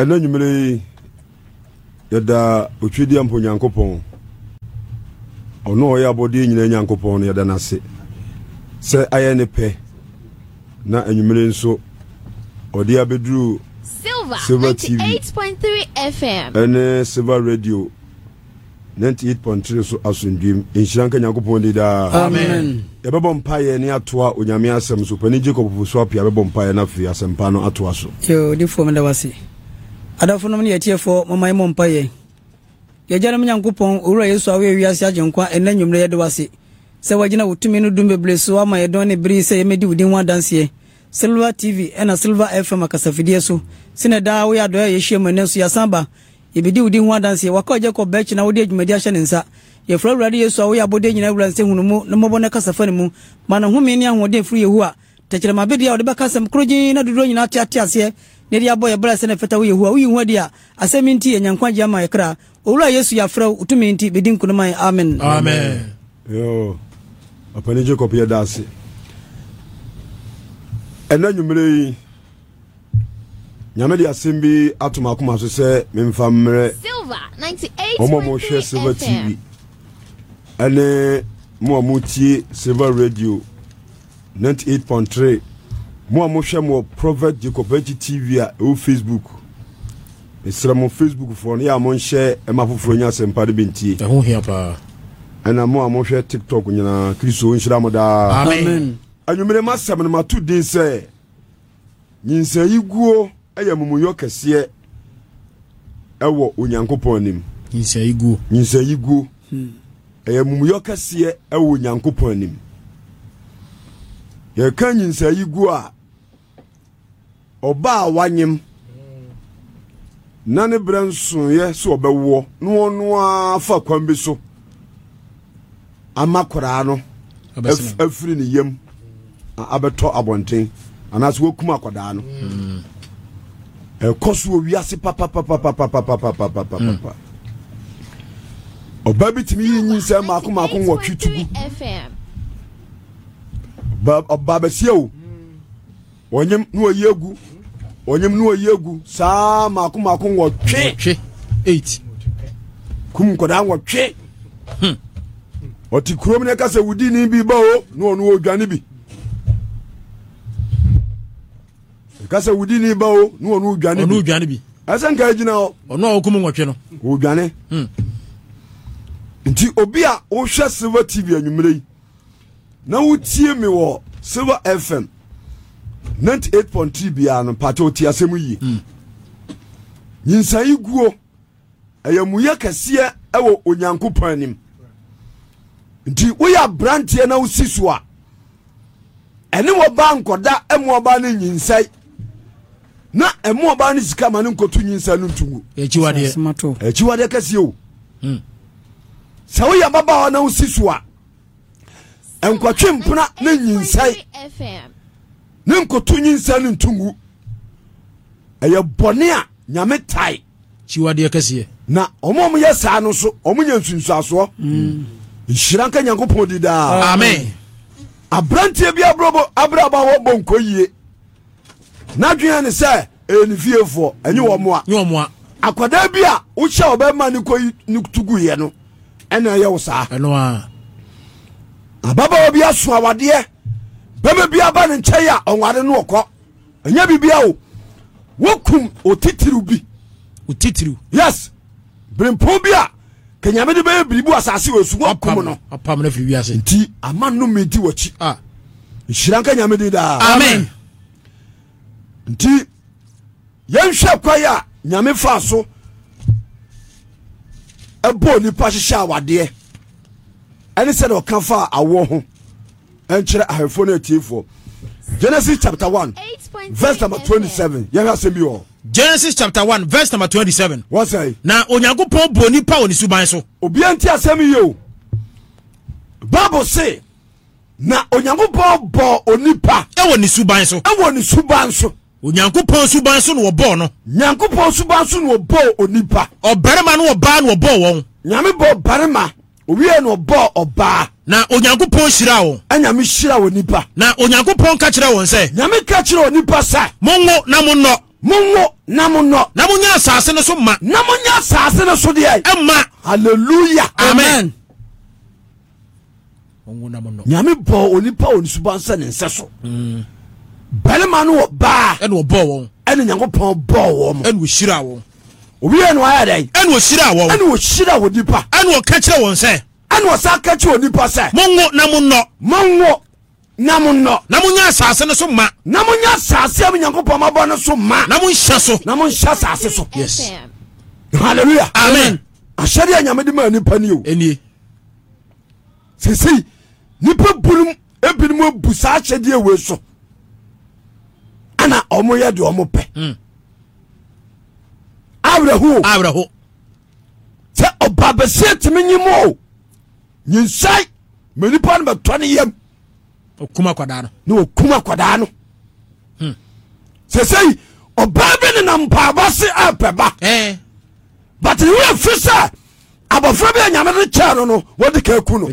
ɛna nwumere yi yɛda otwidi ampo nyankopɔn ɔno a ɔyɛ abɔdeɛ nyinaa nyankopɔn no yɛda n'ase sɛ ayɛ ne pɛ na anwumere nso ɔde abɛduru silver, silver tv fm ɛne silver radio 98.3 so asomdwem nhyira nka nyankopɔn de daa yɛbɛbɔ mpaeɛ ne atoa onyame asɛm so pani gye kɔpopo so apia bɛbɔ mpaeɛ no afei asɛmpa no atoa so adafonom ne yɛtiefoɔ mamae mɔ mpa yɛn yɛgyanom nyankopɔn owura yesu a woyɛ wiase agye nkwa ɛnɛ nwummerɛ yɛde wase sɛ wagyina wo tumi no dum bebree so ama yɛdɔn ne bere sɛ yɛmɛdi wo din ho adanseɛ silver tv ɛna silver fm akasafideɛ so sene daa woyɛ adɔɛ a yɛhyia mu ɛnɛ so yɛasan ba yɛbɛdi wo din ho adanseɛ waka ɔgye kɔ bɛkyi na wode adwumadi ahyɛ ne nsa yɛfrɛ awurade yesu a woyɛ abɔdeɛ nyina awura nsɛ hunu mu na mmɔbɔ no kasa fa ne mu ma ne home ne ahoɔden firi yehu a tɛkyerɛmabɛdeɛ a wɔde bɛka asɛm koro na dodoɔ nyinaa teate na yɛde abɔ yɛbra sɛ na ɛfɛta woyɛ hu a woyi hu a asɛm nti yɛ nyankwa ama yɛkra owura yesu yɛafrɛ wo wotumi nti bɛdi nkonoma amen amen ɔpani jacob yɛda ase ɛna nwummerɛ yi nyame de asɛm bi atom akoma so sɛ memfa mmerɛ ɔma mohwɛ silver tv ɛne mo a motie silver radio 98.3 mo a mohwɛ mo wɔ prophet jacob akyi tv a ɛwɔ facebook mesrɛ mo facebook foɔ no yɛ a monhyɛ ɛma foforɔ nya asɛmpa no bɛntie ɛho hia paa ɛna mo a mohwɛ tiktok nyinaa kristo nhyira mo daa amen anwummere masɛm no mato din sɛ nyinsayi guo ɛyɛ mumuyɔ kɛseɛ ɛwɔ onyankopɔn anim nyinsayi guo nyinsayi guo hmm. ɛyɛ mumuyɔ kɛseɛ ɛwɔ onyankopɔn anim yɛka nyinsayi guo a ɔbaa wanyem na ne berɛ nsoeɛ sɛ ɔbɛwoɔ na ɔno a fa kwan bi so ama koraa no afiri ne yam abɛtɔ abɔnten anaasɛ wɔkum akɔdaa no ɛkɔ so wɔ wiase papapapapapapapapapapa ɔbaa bi tumi yi nyinsɛm maako maako wɔtwe tugu ɔbaa bɛsiɛ o wɔnyem na wɔyi agu onyem ne wɔyi agu saa maakomako eight. kum nkɔdaa wɔtwe ɔte hmm. kurom ne kasa wodini bi ba o na ɔno wɔdwane bi kasa wodini ba o na ɔno wɔdwane bi ɛsɛ nka gyina hɔ ɔno a wɔkum wɔtwe no wɔdwane nti obi a wohwɛ silver tv anwummerɛ yi na wotie me wɔ silver fm 98.3 bia no asemu yi mm. yie nyinsayi guo ɛyɛ muyɛ kɛseɛ ɛwɔ onyankopɔn anim nti woyɛ aberanteɛ na wosi so a ɛne wɔba nkɔda ɛmo ɔba no nyinsae na emu oba no sika ma ne nkɔto nyinsae no ntungu akyiwadeɛ kɛseɛ o hmm. sɛ woyɛ wa na wosi so a ɛnkwatwe mpena ne nyinsae ne nkoto nyinsa no ntongu ɛyɛ bɔne a nyame tae kyiwadeɛ kɛseɛ na ɔmo ɔmo yɛ saa no so ɔmo nya nsunsuasoɔ mm. nhyira nka nyankopɔn di daa amen aberanteɛ bi abrabɔ abrabɔ a wɔbɔ nkɔ yie n'adwene ne sɛ ɛyɛ ne fiefoɔ ɛnyɛ wɔn moa nyɛ wɔn moa akwadaa bi a wohyɛ ɔbɛma ne kɔ ne tugu no ɛna ɛyɛ wo saa ɛnoa ababaawa bi aso awadeɛ bɛma bia ba ne nkyɛe a ɔware no ɔkɔ ɛnyɛ biribia o wokum otitiriw bi otitiriw yes berempɔn bi a kanyame de bɛyɛ biribi asase wɔ su wokum no nti ama nnome di wakyi nhyira nka nyame di daa amen nti yɛnhwɛ kwae a nyame faa so ɛbɔɔ nipa hyehyɛ awadeɛ ɛne sɛde ɔka faa awoɔ ho ɛnkyerɛ ahemfo no atiefoɔ genesis chapter one, verse number 27 yɛhwɛ asɛm bi wɔ genesis chapter one, verse number 27 wɔsɛe na onyankopɔn bɔ nipa wɔ ne suban so obia nti asɛm yi o bible se na onyankopɔn bɔ onipa ɛwɔ ne suban so ɛwɔ ne suban so onyankopɔn suban so na wɔbɔɔ no nyankopɔn suban so na wɔbɔɔ onipa ɔbarima no wɔbaa na wɔbɔɔ wɔn nyame bɔ ɔbarima owie na ɔbɔ ɔbaa na onyankopɔn hyira wo ɛnyame hyira wɔ nipa na onyankopɔn ka kyerɛ wɔn sɛ nyame ka kyerɛ wɔ nipa sɛ monwo na monnɔ monwo na monnɔ na monyɛ asase no so ma na monyɛ asase no so deɛ ɛma halleluya amen nyame bɔ onipa wɔ nesuban sɛ ne nsɛ so mm. bɛrima no wɔ baa ɛne ɔbɔɔ wɔn ɛne nyankopɔn bɔɔ wɔ mo ɛne ɔhyira wɔn owiɛ no ayɛ dɛn ɛne ɔhyira wɔ ɛne ɔhyira wɔ nipa ɛne ɔka wɔn sɛ ɛne ɔsa ka kyerɛ onipa sɛ monwo na monnɔ monwo na monnɔ na monyɛ asase no so ma na monyɛ asase a monyankopɔn mabɔ no so ma na monhyɛ so na monhyɛ asase so yes halleluya amen ahyɛdeɛ a maa nipa ni o ɛnie sesei nipa bunom ebinom abu saa ahyɛdeɛ wei so ana ɔmoyɛ de ɔmo pɛ mm awerɛho awerɛho sɛ ɔba bɛsɛ tumi nyi mu o nyinsae ma nipa no bɛtɔ ne yam ɔkum akwadaa no na ɔkum akwadaa no hmm. sɛsɛi ɔbaa bi ne nam mpaaba se apɛ ba but ne werɛ fi sɛ abɔfra bi a nyame de kyɛɛ no no wɔde ka ku no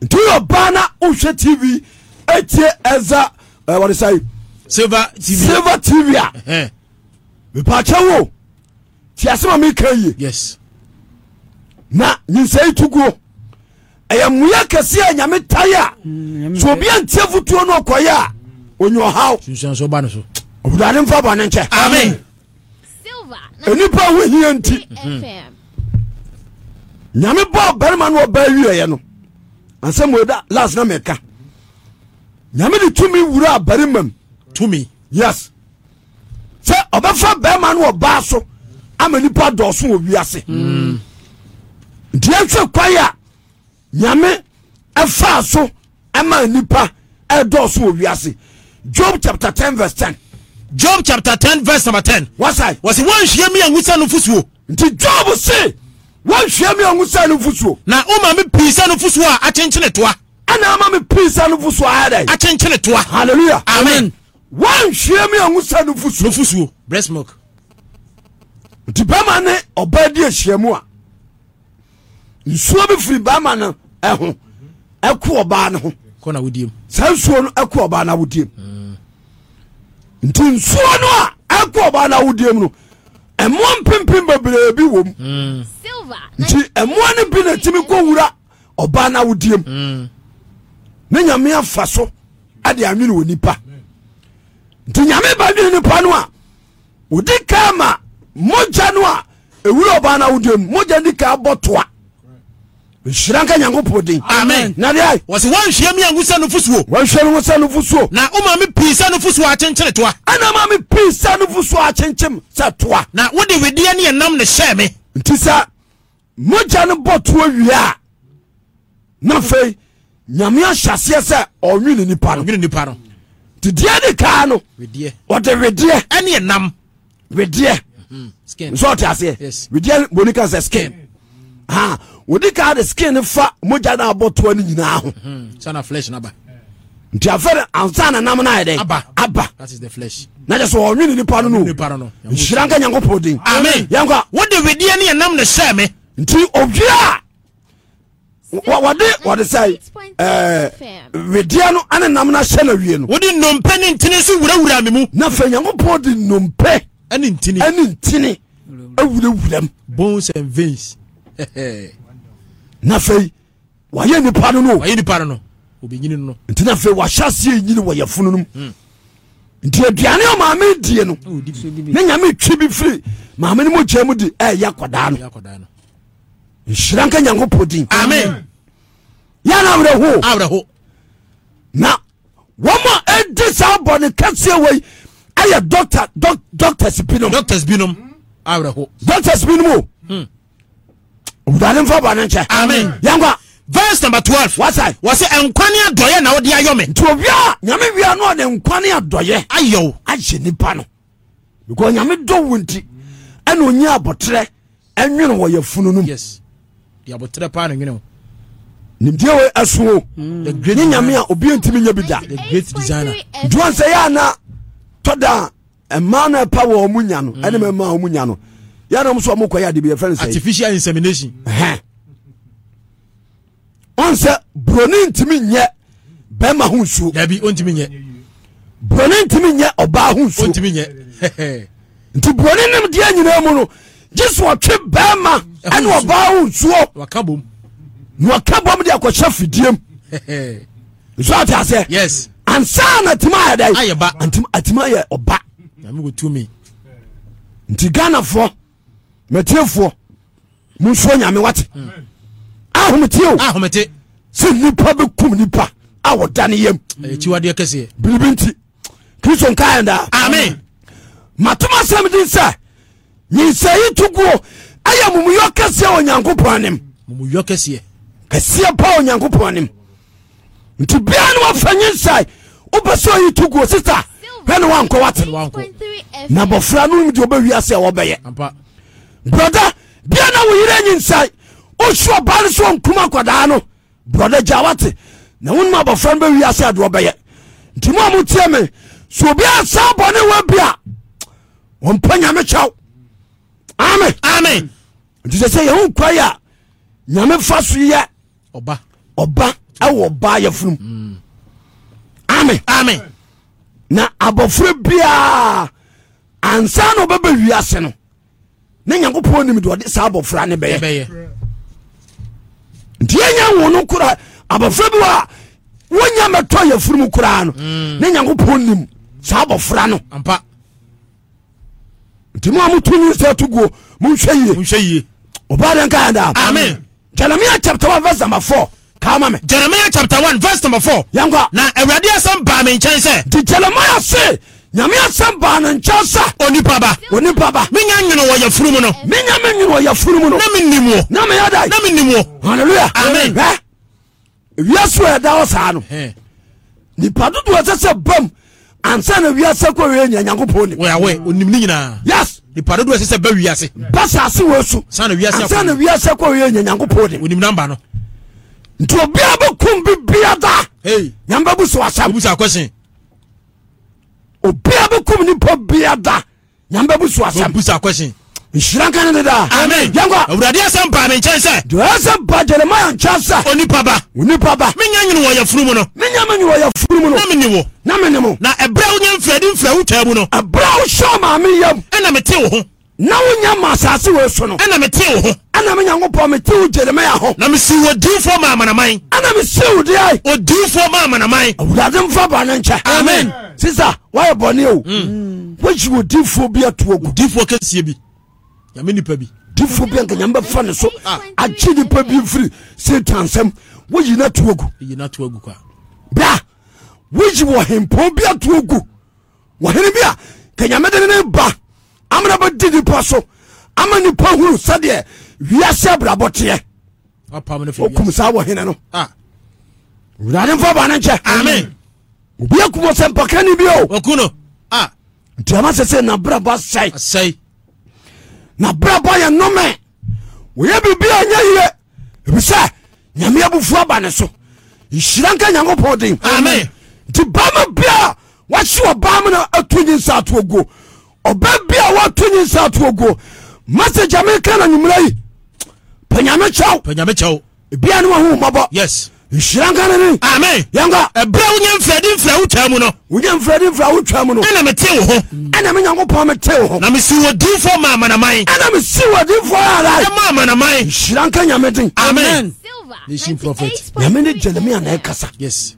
nti woyɛ ɔbaa na wohwɛ tv atie ɛza wɔde sɛ silver tv a mepaakyɛ wo ti asɛm a meka Yes. na nyinsɛi tuguo ɛyɛ mmoya kɛseɛ a nyame tae a hmm, sɛ obia ntie fotuo no ɔkɔyɛ a ɔnya ɔhaw obudade mfa bɔne nkyɛ amen ɛnipa ho hia nti nyame bɔɔ barima no ɔbaa wieɛ no ansɛ moda las na meka nyame de tumi wura barima m tumi yes ɔbɛfa bɛrima no ɔbaa so ama nipa dɔɔso wɔ wiase nti ɛhwɛ kwae a nyame ɛfaa so ɛma nipa ɛdɔɔso wɔ wiase job chapter ten verse ten. job chapter ten verse number ten. wasaɛ. wɔsi wɔn nhyia mi ɛnwusa no fusuo. nti job se wɔn nhyia mi ɛnwusa no fusuo. na o maa mi pii sɛ no fusuo a akyenkyene toa. ɛna ama mi pii sɛ no fusuo ayɛ dɛ. akyenkyene toa. hallelujah. amen. wɔn nhyia mi ɛnwusa no fusuo. no fusuo breast milk. nti bɛrima ne ɔbaa di ahyia mu a nsuo bi firi bɛrima no ɛho ɛko ɔbaa no ho kɔna wodiem saa nsuo no ɛko ɔbaa no awodiem nti nsuo no a ɛko ɔbaa no awodiem no ɛmoa mpempem bebree bi wɔ mu nti ɛmoa no bi na timi kɔwura ɔbaa no awodiem ne nyame afa so ade anwene wɔ nipa nti nyame ba dwene nipa no a wodi ka ma mogya no a ɛwura ɔbaa no wodam mogya ndi ka bɔ toa nhyira nka nyankopɔn din amen na deɛ wɔsɛ woanhwia me angu sɛ no fosuo woanhwia no sɛ no fosuo na woma me pii sɛ no akyenkyere toa ana ma me pii sɛ no fosuo akyenkyem toa na wode wedeɛ ne ɛnam ne hyɛɛ me nti sɛ mogya no bɔ toa wie a na afei nyame ahyɛseɛ sɛ ɔnwene nipa no nti deɛ de kaa no ɔde wedeɛ ɛne ɛnam wedeɛ mm-hmm. nso ɔte aseɛ wedeɛ boni ka sɛ skin wodi ka de skin fa mogya no abɔtoa no nyinaa ho mm-hmm. nti afɛre ansa na nam no ayɛ dɛn aba na kyɛ sɛ Ni nipa no no nhyira nka nyankopɔn din yɛnka wode wedeɛ ne yɛnam no hyɛ me nti owia a wɔde wɔde sɛ eh, wedeɛ no ane nam no ahyɛ no awie no wode nnompe ne ntene so wurawura me mu na afei nyankopɔn de nnompe ɛne ntini ɛne ntini awurawuram bones and veins nafei wayɛ nipa no no wayɛ nipa no no obɛnyini no nti nafei wahyɛ aseɛ nyini wɔ yɛ funu nom hmm. nti aduane a maame die no oh, ne nyame twi bi firi maame no mu gya mu di ɛyɛ akɔdaa no nhyira nka nyankopɔn din amen yɛna awerɛho na wɔma ɛdi saa bɔne kɛseɛ wei ayɛ doctor doc doctors binom. doctors binom hmm? awerɛho. doctors binom o. Hmm. owurade nfa bɔ ne nkyɛn. amen yankwa. verse number twelve. wasa. wɔsi nkwane adɔyɛ na ɔde ayɔ mi. nti obi a nyame wia no ɔde nkwane adɔyɛ. ayɛ o. ahyɛ nipa no because nyame dɔ wo nti ɛna onye abɔtrɛ ɛnwene wɔ yɛ funu no yes di abɔtrɛ paa na nwene o. nimdeɛ wo ɛso o. Hmm. the great designer ne nyame a obi ntumi nya bi da. the great designer. duwansɛ yɛ ana tɔda ɛmaa no ɛpa wɔ ɔmu nya no ɛne mɛma ɔmu nya no yɛnom so ɔmo kɔyɛ adebiɛ fɛ no sɛ artificial insemination ɛhɛ ɔn sɛ buroni ntumi nyɛ bɛrima ho nsuo dabi ɔntumi nyɛ buroni ntumi nyɛ ɔbaa ho nsuo ɔntumi nyɛ nti buroni nim deɛ nyinaa mu no gye sɛ ɔtwe bɛrima ɛne ɔbaa ho nsuo waka bom na ɔka bɔm de akɔhyɛ fidiem nso ate aseɛ yes ansa na timi ayɛ dɛ atimi ayɛ ɔba nti ghanafoɔ matiefoɔ monsuo nyame wate hmm. ahometeo sɛ nipa kum nipa dani a wɔdane yam biribi nti kristo nkaɛdaa matoma sɛm den sɛ nyinsɛyi toguo ɛyɛ mumuyɔ kɛseɛ onyankopɔn anem kɛseɛ pa onyankopɔn anem nti bia ne wafa nyinsɛe wopɛ sɛ ɔyi to guo sista hwɛne wankɔ wate na bɔfra no de wobɛwiase a wɔbɛyɛ brɔda bia na wo yerɛ nyinsae wosu ɔba no so ɔnkuma akwadaa no brɔda gya wate na wonom abɔfra no bɛwiase ade wɔbɛyɛ nti mo a motie me sɛ obiaa saa bɔne wa bi a ɔmpa nyame kyɛw ame ame nti sɛ sɛ yɛho kwae a nyame fa so yɛ ɔba ɛwɔ ɔba yɛfunum amen amen na abɔfra biaa ansa na ɔbɛbɛ wiase no ne nyankopɔn nim de ɔde saa abɔfra ne bɛyɛ nti yɛnya wo no kora abɔfra bi wɔ a wonya mɛtɔ yɛfuru mu koraa no mm. ne nyankopɔn nim saa abɔfra no nti mo a moto nyinsa to guo monhwɛ yie ɔba de nka yɛdaa jeremia chapter one verse number four kama me jeremiah chapter one verse number 4 yɛnkɔ na awurade asɛm baa me nkyɛn sɛ nti jeremiah se nyame asɛm baa ne nkyɛn sɛ onipa ba onipa ba menya nwene wɔ yɛfunu mu no menya me nwene wɔ yɛfunu mu no na mennim wɔ na meyɛ dae na mennim wɔ halleluya amen hɛ wiase wɔ ɛda hɔ saa no nipa dodoɔ sɛ sɛ bam ansa na wiase kɔ wie nya nyankopɔn nim wɔyɛ onim ne nyinaa yes nipa dodoɔ sɛ sɛ ba wiase ba saase wɔ su ansa na wiase ko wie nya nyankopɔn nim onim namba no nti obia bɛkum bibia da nyame bɛbu so asɛm obia bɛkum nipa bia da nyame bɛbu so asɛm nhyira nka ne dedaa awurade asɛm paa me nkyɛn sɛ deɛsɛ ba jeremia nkyɛn sɛ onipa ba onipa ba menya nyene wɔ yɛfuru mu no menya menye wɔ yɛfuru mu no na mene wo na mene mo na ɛberɛ wo nyɛ mfirade mfira wo twaa mu no ɛberɛ wo hyɛ maame yam ɛna mete wo ho na wonya ma asase wɔ so no ɛna metee wo ho ɛna me nyankopɔn mete wo jeremia ho na mesii wɔdiifoɔ ma amanaman ɛna mesii wo deɛ ɔdiifoɔ ma amanaman awurade mfa ba no nkyɛ amen sisa woayɛ bɔne o hmm. woyi wɔdiifoɔ bi atoɔ gu difoɔ kɛsie bi nyame nipa bi difoɔ bi anka nyame bɛfa ne so ah. agye nipa bi mfiri satan nsɛm woyi no atoɔ gu ɛyi no atoa gu kwa bra woyi wɔ hempɔn bi atoɔ gu wɔhene bi a ka nyame de ne ne ba amena bɛdi nipa so ama nipa huru sɛdeɛ wiase abrabɔ teɛ okum saa wɔ hene no wurade mfa bane nkyɛ mm. obi akum sɛ mpaka ne bio nti ama sɛ sɛ nabrabɔ asɛe nabrabɔ yɛ nome wɔyɛ biribia nyɛ yie ebisɛ nyame abufuo aba ne so nhyira nka den nti bama bia wahye wɔ baa mu no nyi nsa to aguo ɔbɛ bi a wato nyinsa to oguo message a meka na nwumera yi panyame kyɛw panyame kyɛw ebia ne wahu mmɔbɔ yes nhyira nka ne ne amen yɛnka ɛberɛ wonyɛ mfrɛde mfra wo twaa mu no wonyɛ mfrɛde mfra wo twaa mu no ɛna mete wo ho ɛna me nyankopɔn mete wo ho na mesi wɔdinfoɔ ma amanaman ɛna mesi wɔdinfoɔ ara ɛma amanaman nhyira nka nyame den amen nation prophet nyame ni jeremia na kasa yes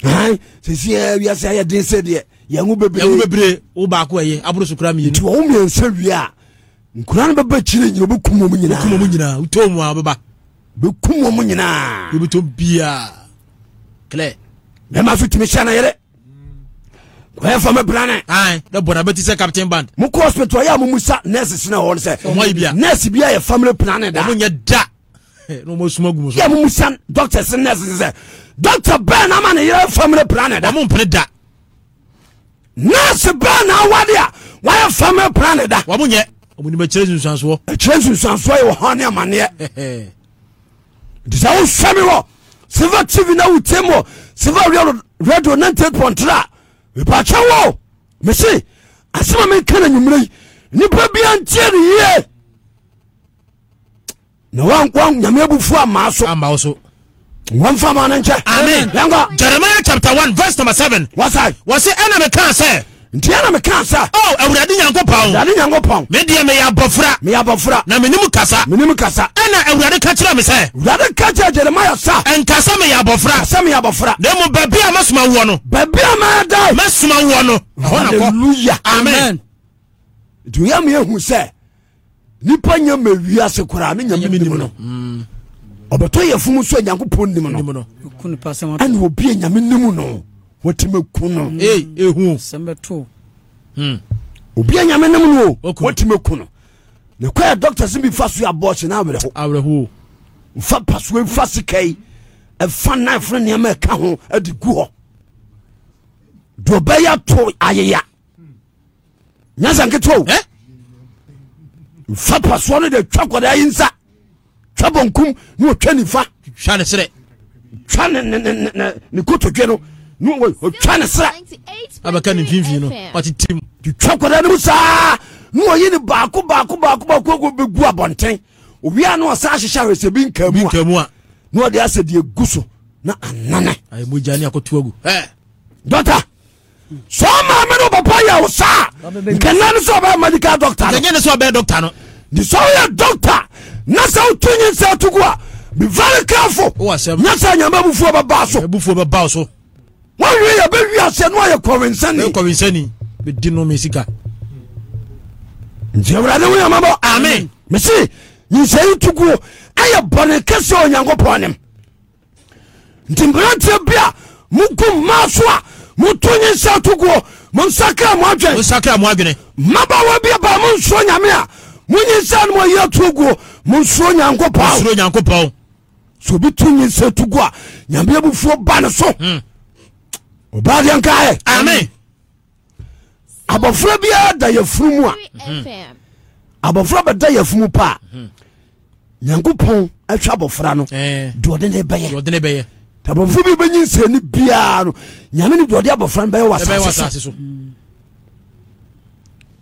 sɛsiɛ eh, wiase ayɛ den sɛ deɛ yɛn ho bebree yɛn bebree wo baako ɛyɛ aburo so kura nti wɔn mu yɛn nsa wie nkura no bɛba akyire nyina bɛ kum wɔn nyinaa bɛ kum wɔn nyinaa o tom wɔn a bɛba bɛ kum wɔn nyinaa bɛ bɛ tom bia kílẹ̀. mɛma so tumi hyɛn na yɛrɛ wɔyɛ fama brane ayi ne bɔnna bɛ ti sɛ captain band. mo kɔ hospital ɔyɛ a sa nɛɛsi sinɛ wɔn sɛ ɔmɔ yi bia nɛɛsi bia yɛ family planning da ɔmɔ nyɛ da n'ɔmɔ suma gumu so yɛ mo sa doctor sinɛ sɛ doctor bɛɛ n'a ma ne yɛrɛ family planning da ɔmɔ mpere da nurse bẹẹ na awade a wayɛ family plan da. wɔn mu nyɛ wɔn ni bɛ kyerɛ nsunsuansoɔ. ɛkyerɛ nsunsuansoɔ yi wɔ hɔn ne amaneɛ. disa o sɛmi wɔ silver tv na o tie mu wɔ silver radio ninety eight point three a mipakyɛ wɔ mesi asoma mi kan na nyimire yi nipa bi an tie ni yie na wɔn nyame abufu amaa so. amaa so. wɔmfa ma no nkyɛ yɛnkɔ jeremia chapter 1 verse number 7 wɔsae wɔse ɛna mekaa sɛ nti ɛna mekaa sɛ awurade oh, nyankopɔn nyankopɔn medeɛ meyɛ abɔfra meyɛ abɔfra na menim kasa menim kasa ɛna awurade ka kyerɛ me sɛ awurade ka kyerɛ jeremia sa ɛnka sɛ meyɛ abɔfra sɛ meyɛ abɔfra na mmom baabi a mɛsoma woɔ no baabi mɛda mɛsoma woɔ no haleluya amen nti meyɛhu sɛ nipa nya ma wiase koraa ne nyame nim no ɔbɛtɔ yɛ fum so a nyankopɔn nim no ɛne obi a nyame nim no watumi ku no ɛhu mm. hmm. obi a nyame nim no watumi ku no ne kɔɛ dɔctor sɛ bifa so abɔɔhye no awerɛho mfa pasoa mfa sikai ɛfa knife no nneɛma ɛka ho ade gu hɔ deɛ ɔbɛyɛ to ayeya nyasa nketewa o mfa pasoa no de twa kɔdaa yi nsa twa bɔnkum na ɔtwa nifa twa ne serɛ twa ne kotodwe no twa ne serɛ abɛka ne mfimfini no ɔtetem twa kwadaa no mu saa na ɔyi ne baako baako baako baako bɛgu abɔnten owia na ɔsa ahyehyɛ ahwɛsɛ bi nka mu a na ɔde asɛ deɛ gu so na anane mogyane akɔto agu dɔta sɛ ɔmaame no wobɛpɔ yɛ wo saa nkɛna no sɛ ɔbɛyɛ medical doctor no ɛnyɛ ne sɛ ɔbɛyɛ doctor no nti sɛ woyɛ doctor na sɛ woto nyinsɛ to go a be very careful nya sɛ nyame abufuo bɛba so bɛba so wowie yɛbɛwi aseɛ ne wayɛ kɔwensani bɛdi no me sika nti awurade wo yamabɔ amen mese nyinsɛyi to go ɛyɛ bɔne kɛsɛ onyankopɔn nem nti mmeranteɛ bi a moku mmaa so a moto nyinsɛ to go monsakra mo adwene mabawa bi aba monsuo nyame a monyinsɛ no mɔyi atuo guo monsuro nyankopɔn nyankopɔn sɛ obi to nyinsa tu gu a nyame abufuo ba ne so hmm. ɔbadeɛ nkaɛ ame abɔfra biara da yɛfunu mu a hmm. abɔfra bɛda yɛfumu pa a hmm. nyankopɔn atwa abɔfra no eh. deɔde ne bɛyɛ abɔfra bi bɛnyi nsani biara no nyame ne deɔde abɔfra no bɛyɛ wɔ asase so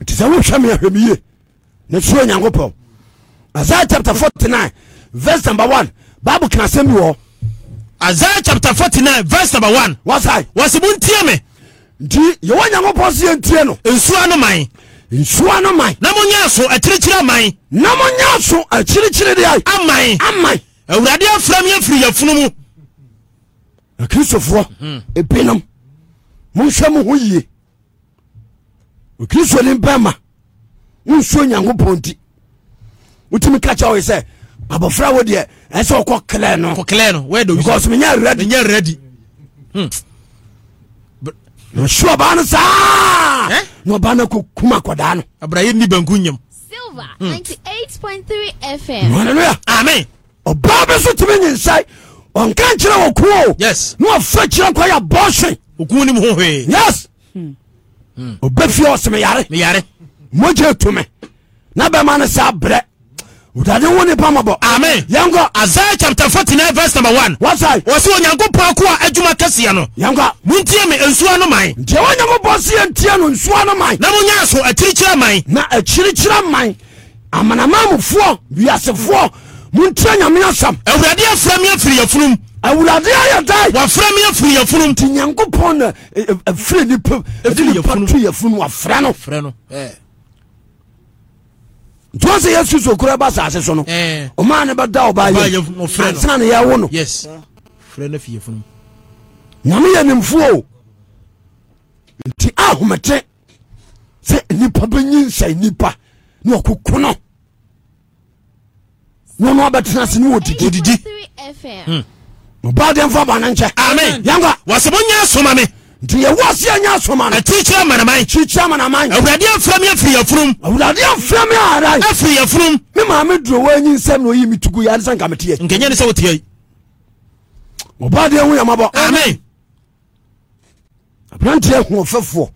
nti sɛ wohwɛ me ahwɛ meye na suro nyankopɔn isaiah chapter forty nine, verse number one. bible kan asɛm bi wɔ isaiah chapter forty nine, verse number one. 1 wasae wɔse montie me nti yɛwɔ nyankopɔn sɛ yɛntie no nsuwa no man nsuwa no man na monyɛ so akyirikyiri aman na monyɛ so akyirikyiri deɛ aman aman awurade afra me afiri yɛfunu mu akristofoɔ hmm. ebinom monhwɛ mo ho yie okristoni bɛma wonsuo nyankopɔn nti wotumi ka kyɛ woe sɛ abɔfra wo deɛ ɛɛ sɛ wɔkɔ klɛ no because menyɛ ready nso hmm. ɔbaa no saa eh? na ɔbaa no akɔkum akɔdaa no abrayɛni banku nyam hmm. hallelujah amen ɔbaa bi so tumi nyinsɛe ɔnka nkyerɛ wɔ kuo yes na ɔfa kyerɛ nkɔ yɛ bɔhwe okun ni mu ho hwee yes hmm. ɔbɛ fie ɔsɛ meyare meyare mogye tome na bɛma no sa brɛ wudade wo ne pamabɔ amen yɛnkɔ isaiah chapter 49 verse number 1 wasai wɔ sɛ onyankopɔn ko a adwuma kɛseɛ no yɛnkɔ montie me nsuo no man ntiɛ wɔ nyankopɔn seɛ ntie no nsuo no man na monyɛ so akyirikyirɛ man na akyirikyirɛ man amanamamufoɔ wiasefoɔ montie nyame asɛm awurade afra me afiri yafunum awurade ayɛ da wafra me afiri yafunum nti nyankopɔn na ɛfiri e, e, nipa to yafunu wafrɛ no nti wọ́n sẹ yesu so kura ba saase ọmọ àná bẹ da ọba yẹ asena ni yẹ wo no nyame yẹ nimfuo o nti ahomete sẹ nipa bẹ nyi nsa nipa ní ọkọ kunu wọn náà bẹ tẹná sí ní odidi odidi ọba dẹ nfa ba ne nkyɛn ami yanga wasabu nyɛ nti yɛwɔ aseɛ nyɛ asoma no ɛtikyerɛ awurade amfra me afiri yɛfurum awurade amfra me ara afiri yɛfurum me maa me duro wɔanyi nsɛm na ɔyi me tugu yɛ ade sɛ nka meteɛ nkɛnyɛ ne sɛ woteɛ ɔba deɛ ho yɛmabɔ amen aberanteɛ hoɔfɛfoɔ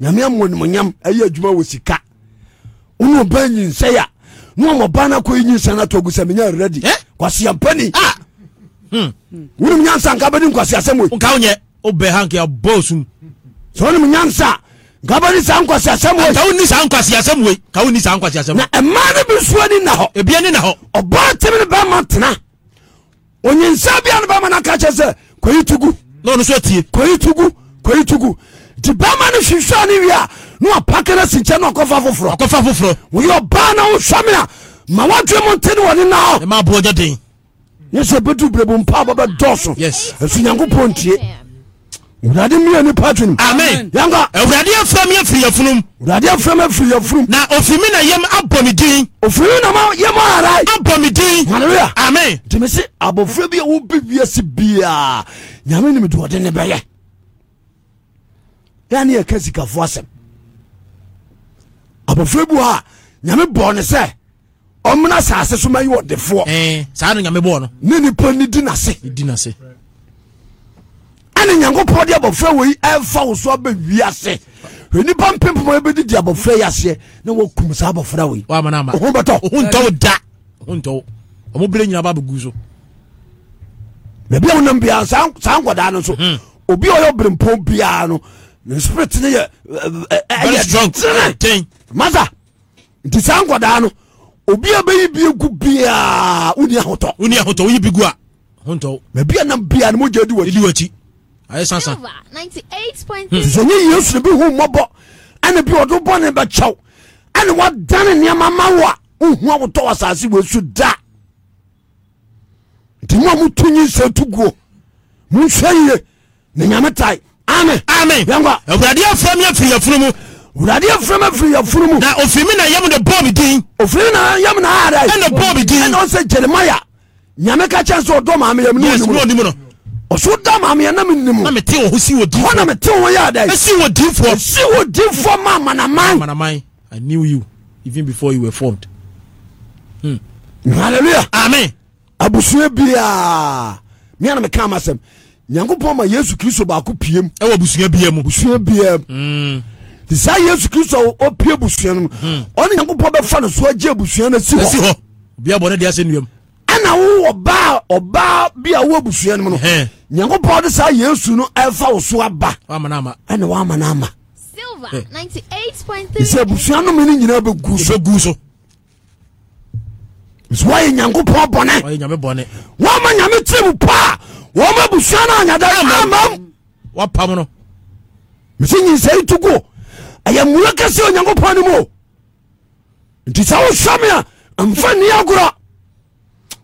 nyame amɔnimonyam ɛyɛ adwuma wɔ sika wone ɔba nyinsɛe a ne ɔmɔba no akɔyi nyinsa no atɔgu sɛ menya redi eh? kwaseampani wonem ah! hmm. nyansa nka bɛdi nkwaseasɛm ka wonyɛ wobɛ ha nka yɛbɔ sum sɛ wonem nyansa nka wobɛne saa nkwaseasɛm ka wonni saa nkwaseasɛm wei ka wonni saa nkwaseasɛm na ɛma eh, no bi suo ni na hɔ ebia ne na hɔ ɔbaa temi ne bɛma tena ɔnyinsa bia no bɛma no ka kyɛ sɛ kwayi tugu na ɔno so atie tugu kwayi tugu nti bɛma no hwehwɛ ne wie a na wapake no sinkyɛ na ɔkɔfa foforɔ ɔkɔfa foforɔ woyɛ ɔbaa na wohwɛ me a ma woadwe mo nte ne wɔne na hɔ ɛma e, aboɔ gya den nyɛ sɛ bɛdu brɛbu mpa bɛbɛdɔɔso ɛso nyankopɔn ntie wurade mmea nipa to nim amen yɛnka awurade afra me afiri yɛfunum wurade afra me afiri yɛfunum na ɔfiri me na yɛm abɔ me din ɔfiri me na ma yɛm ara abɔ me din haleluya amen nti me se abɔfra bi a wobi wiase biaa nyame nim de ɔde ne bɛyɛ yɛne yɛka sikafoɔ asɛm abɔfra bi hɔ a nyame bɔɔ ne sɛ ɔmena asase so ma yi ɔdefoɔ saa no nyame bɔɔ no ne nipa ne di nase ne nyankopɔn de abɔfra wei ɛmfa wo so aba wiase nipa mpempom ɛbɛdi di abɔfra yi aseɛ na wakum saa abɔfra wei ho bɛtɔhontɔw da ɔmo berɛ nyina ba bɛgu so baabi a wonam biaa saa nkɔdaa no nso hmm. obi a ɔyɛ berempɔn biaa no ne spirit no yɛ ɛyɛ tene masa nti saa nkɔdaa no obi a bɛyi bie gu biaa woni ahotɔ woni ahotɔ woyi bi gu a hontɔw baabi a nam biaa no mogya di wakyi ayɛ sasa sɛ nye yesu bi hu mmɔbɔ ɛne bi ɔdo bɔne bɛkyɛw ɛne wɔdane nneɛma ma wo a wohu a wotɔ asase wɔsu da nti mo a moto nyinsɛ to guo monhwɛ yie ne nyame tae ame ame yɛnkwa awurade afra me afiri yɛfunu mu wurade aframa firi yɛfunu mu na ofiri mi na yɛm ne bɔɔ din ofiri mi na yamu na aadɛ ɛne bɔɔ me din ɛne ɔsɛ jeremia nyame ka kyɛ sɛ ɔdɔ maame yɛm ne onimu no ɔso da maameɛ na menim mete wɔ si wɔ na mete wo yɛ da si wɔ difoɔ si wɔ difoɔ ma amanaman I knew you even before you were formed. Hmm. Hallelujah. Amen. Abusua biara mi a na mi ka ama sɛm nyankopɔn ma Yesu Kristo baako piem. Ɛwɔ busua biara mu. Busua biara mu. Hmm. Te Yesu Kristo a opie busua no mu. Hmm. Ɔne nyankopɔn bɛfa no so agye busua no si hɔ. Esi hɔ. Obi abɔ ne deɛ asɛ ɛna wowɔ baa ɔbaa bi a wo abusua no mu no nyankopɔn de saa yesu no ɛfa wo so aba ɛna woama no ama sɛ abusua nome no nyinaa bɛgu so gu so nso woayɛ nyankopɔn bɔne woama nyame tiri mu paa wɔma abusua no anyada amam wapam no mese nyinsɛi to go ɛyɛ mmura kɛsɛ onyankopɔn no mu o nti sɛ wosɔ me a mfa nni agorɔ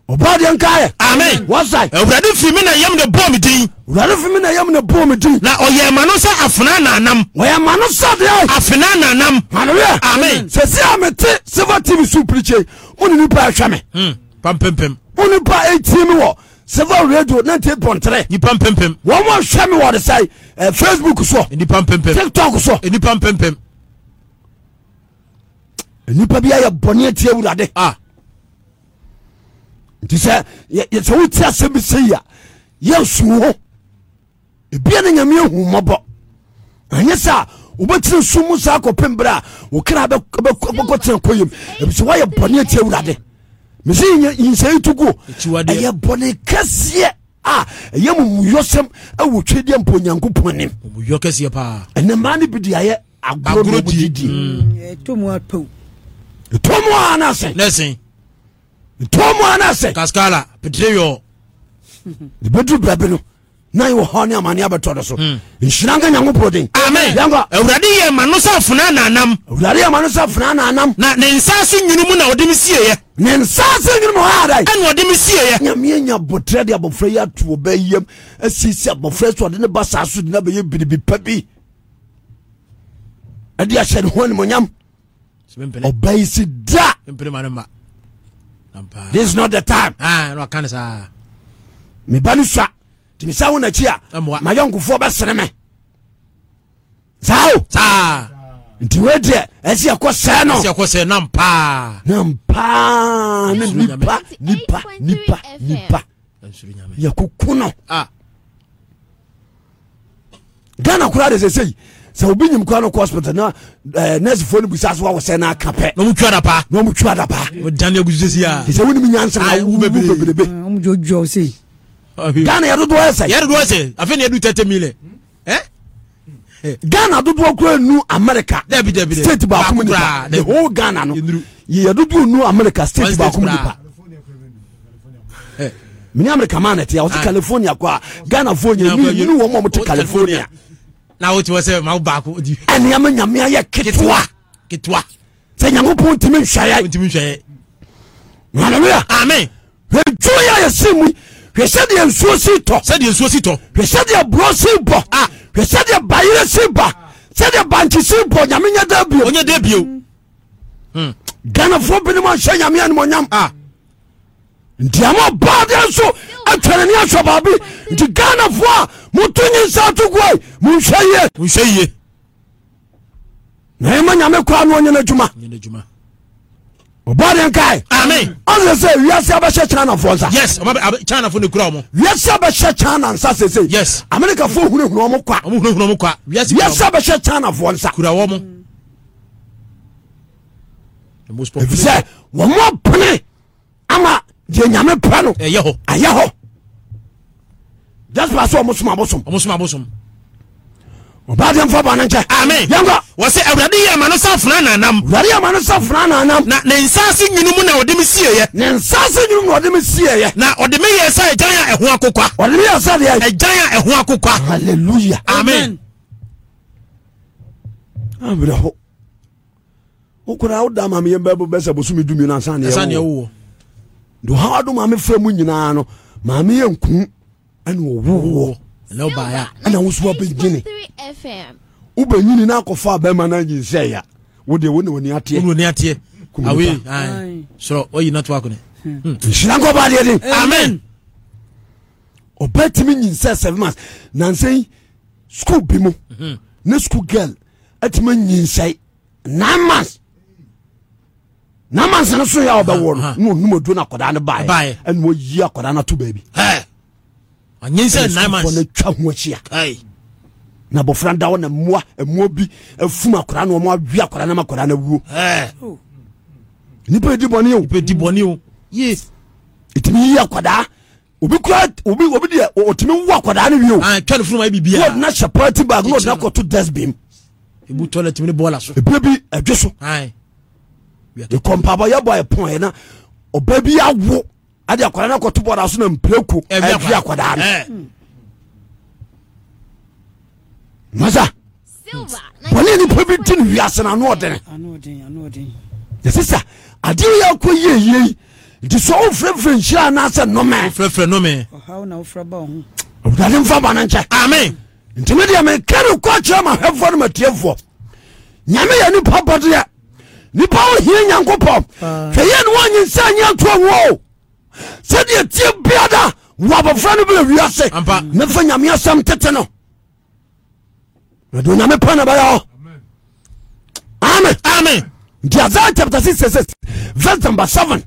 ɔbɔdeɛ nkayɛ amen wɔsae awurade firi me na yam ne bɔɔ me din awurade firi me na yam ne bɔɔ me din na ɔyɛ ma no sɛ afena nanam ɔyɛ ma no sɛ deɛ afena nanam haleluya amen sɛ si a mete silver tv so pirikye wone nipa ɛhwɛ me hmm. pampempem wo nipa ɛtie me wɔ silver radio 98.3 nipa mpempem wɔn mo ahwɛ me wɔde sɛ eh, facebook so nipa mpempem tiktok so eh, nipa mpempem eh, nipa bi ayɛ bɔne atie awurade ah nti sɛ sɛ wotie asɛm bi sei a yɛnsu ho ebia ne nyame ahu mmɔbɔ ɛnyɛ sɛ a wobɛtena su mu saa kɔpem berɛ a wo kra bɛkɔtena kɔ yam ɛbisɛ woayɛ bɔne atia awurade mese yinsɛi to go ɛyɛ bɔne kɛseɛ a ɛyɛ mumuyɔ sɛm awɔ twedeɛ mpo onyankopɔn anim ɛnɛmaa no bi de agorɔ di ɛtɔmu a no ntɔmu anase kaskala petreyɔ bɛduru bɛbi no na yɛwɔ hɔ ne amane abɛtɔ do so hmm. nhyira nka nyankopɔn den amen awurade yɛ ma no sɛ afona nanam awurade yɛ ma no sɛ nanam na ne nsa so nwunumu na ɔde me sieɛ ne nsa so nwunumu hɔ ada ɛne ɔde me sieɛ nyameɛ nya botrɛ de abɔfra yi ato wɔ bɛyam asiesie abɔfra so ɔde ne ba saa so de na bɛyɛ biribi pa bi ɛde ahyɛ ne ho animonyam ɔbɛyi si da this is not the time Ah, no nipa nipa nipa Ah de sɛ obi nyim kora no kɔ hospital na eh, nursefoɔ no busa so wawɔ sɛ no aka pɛ na ɔmotwa da paa na ɔmotwa da paa dane agu sɛsi a sɛ wonim nyansa ah, ah, ghana yɛdodoɔ ɛsɛ yɛdodoɔ ɛsɛ afei na yɛdu 30 million hmm? eh? Eh, ghana dodoɔ kora nu america dabi dabi state baako mu nipa the whole ghana no yɛdodoɔ nu america state baako mu nipa mene america ma nɛteɛ wɔte ah. california kɔ a ghanafoɔ nyɛ nu wɔm ɔmote california na wote wɔ sɛ ma wo baako di ɛneɛma nyame ayɛ ketewa ketewa sɛ nyankopɔn ntimi nhwɛɛntimi nhwɛɛ halleluya amen hwɛdwo yɛ yɛse mu hwɛ sɛdeɛ nsuo si tɔ sɛdeɛ nsuo si tɔ hwɛ sɛdeɛ borɔ si bɔ hwɛ sɛdeɛ bayerɛ si ba sɛdeɛ bankye si bɔ nyame nyɛ da bio ɔnyɛ da bio ghanafoɔ binom ahyɛ nyame animɔnyam ntiama bade so atwanene asɔ baabi nti ghanafoɔ a moto nyinsa to koe monhwɛ yie na ɛma nyame koa no ɔnyɛ no adwuma ɔbɔde nkae ɔsɛ sɛ wiase abɛhyɛ chinafoɔ nsa wiase abɛhyɛ china nsa sesei amerikafoɔ hunahunuɔ mo kwa wiase abɛhyɛ chinafoɔ nsa ɛfisɛ wɔmɔ pene ama deɛ nyame pɛ no ɛyɛ hɔ jaspa sɛ ɔmosomabosomɔbaa deɛ mfa bɔne nkyɛ ame yɛnkɔ wɔ sɛ awurade yɛ ama no safena nanam awurade yɛ ama no safena nanam na ne nsa ase mu na ɔde me sieyɛ ne nsa ase mu na ɔde me sieyɛ na ɔde me yɛ sɛ agyan a ɛho akokwa ɔde me yɛ sɛ deɛ agyan a ɛho akokwa halleluya amen awerɛ ho wo koraa woda ma meyɛ bɛsɛ bosome dumio no ansaneɛ wowɔ nhaw do maame fa mu nyinaa no maame yɛ nku ɛne ɔwowoɔ ɛna wo so wobɛgyini wobɛnyini na akɔfa bɛma no anyinsɛya wodeɛ wone wani ateɛ hmm. nhyira nkɔ badeɛ den amen ɔba tumi nyinsɛ seven months nansɛ school bi mu mhm. ne school girl atumi nyinsɛe nine months namansane so yɛ wobɛwo no na ɔnum aduo no akɔdaa no baɛ ɛne ɔyi akɔdaa no ato baabi na twa ho akyia na bɔfra da wɔ na mmoa mmoa bi afum akɔdaa no ɔma awe akɔdaa no ma akɔdaa no awuo nipa di bɔne o ɛtumi yi akɔdaa obi kura obi obi deɛ ɔtumi wo akɔdaa no wie o twa no ah, funuma yi bibiara wɔdena hyɛ party bag na ɔdena kɔto dustbin ebu toilet mi ni bɔɔla so ebi ebi ɛdwe so yɛkɔ mpaba yɛbɔ ɛpɔn ɛna ɔba bi awo ade akwadaa no akɔto bɔda so na mprako ɛfi akwadaa no masa bɔne nipa bi di no wiase no anoɔdene yɛsesa adeɛ yɛakɔ yieyei nti sɛ wofrɛfrɛ nhyira anaasɛ nome awurade mfa ba no nkyɛ ame nti medeɛ meka no kɔ kyerɛ mahwɛfoɔ no matiefoɔ nyame yɛ nipa bɔdeɛ nnipa wohia nyankopɔm fwɛ yɛ ne wa anyinsa anyeantoa mu o sɛdeɛ atie biada wɔ abɔfra no brɛwiase na fa nyame asɛm tete no de onyame pɛ na bɛyaɔ nti isaya chap6 vs n 7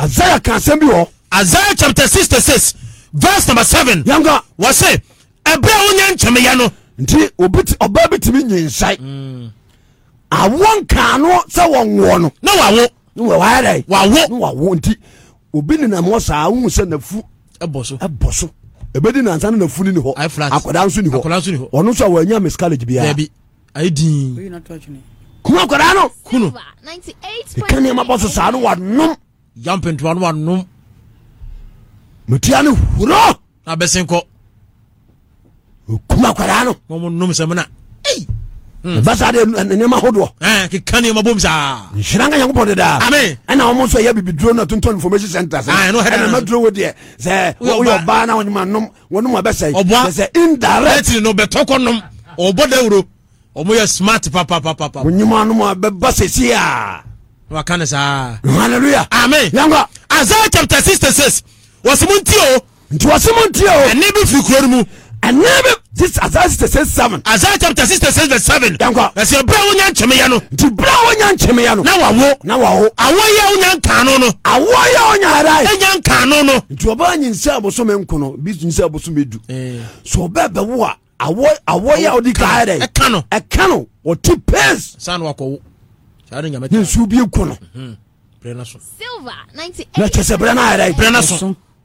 isaya ka asɛm bi wɔ66 ɛbɛ wonya nkyɛmeyɛ no nti ɔbaa bitimi nyinsɛe mm. awo nkaano sɛ wɔwoɔ no na wawo wayɛdɛ wawo na wawo nti obi nenam hɔ saa wohu sɛ nafu ɛbɔ so ɛbɔ so ɛbɛdi nansa no nafu no ni hɔ akwadaa nso ni hɔ ɔno nso a wɔanya miscalage biaa ayɛ din kum akwadaa no kunu ɛka nneɛma bɔ so saa no wanom ya mpentoa no wanom metia no huro abɛsenkɔ kum akwadaa no mɔmo nom sɛ mena Mm. basa de nneɛma eh, ahodoɔ eh, keka nneɛma bom saa nhyira nka nyankopɔn dedaa ɛna ɔmo nso ɛyɛ bibiduro no tonton information center sɛɛnamaduro ah, wo deɛ sɛ woyɛ ɔbaa na wonyima nom wɔnom abɛsɛesɛ indirect no bɛtɔkɔ nom ɔbɔ da wuro ɔmo yɛ smart papapapa wonyima nom a bɛba sɛsie a waka ne saa halleluya amen yanka isaiah chapter 66 wɔse mo ntie o nti wɔse mo ntie o kuro mu ɛnɛ This Isaiah sixty six seven. Isaiah chapter sixty six verse seven. Yankwa. Na sɛ bra wo nya nkyɛmɛya no. Nti bra wo nya nkyɛmɛya no. Na wawo. Na wawo. Awɔ yɛ wo nya nkaano no. Awɔ yɛ wo nya ara yi. Ɛnya nkaano no. Nti ɔbaa nyi nsa abosome nkono bi nsa abosome du. Eh. So ɔbɛ bɛ wo a awɔ awɔ yɛ a ɔdi kaa yɛ dɛ. Ɛka e no. Ɛka e no wɔti pɛns. Sanu akɔwo. Sanu nyamɛ. Nsuo bi nkono. Mhm. Silver ninety eight. Na kyɛ sɛ brɛ yɛrɛ. Brɛ na so.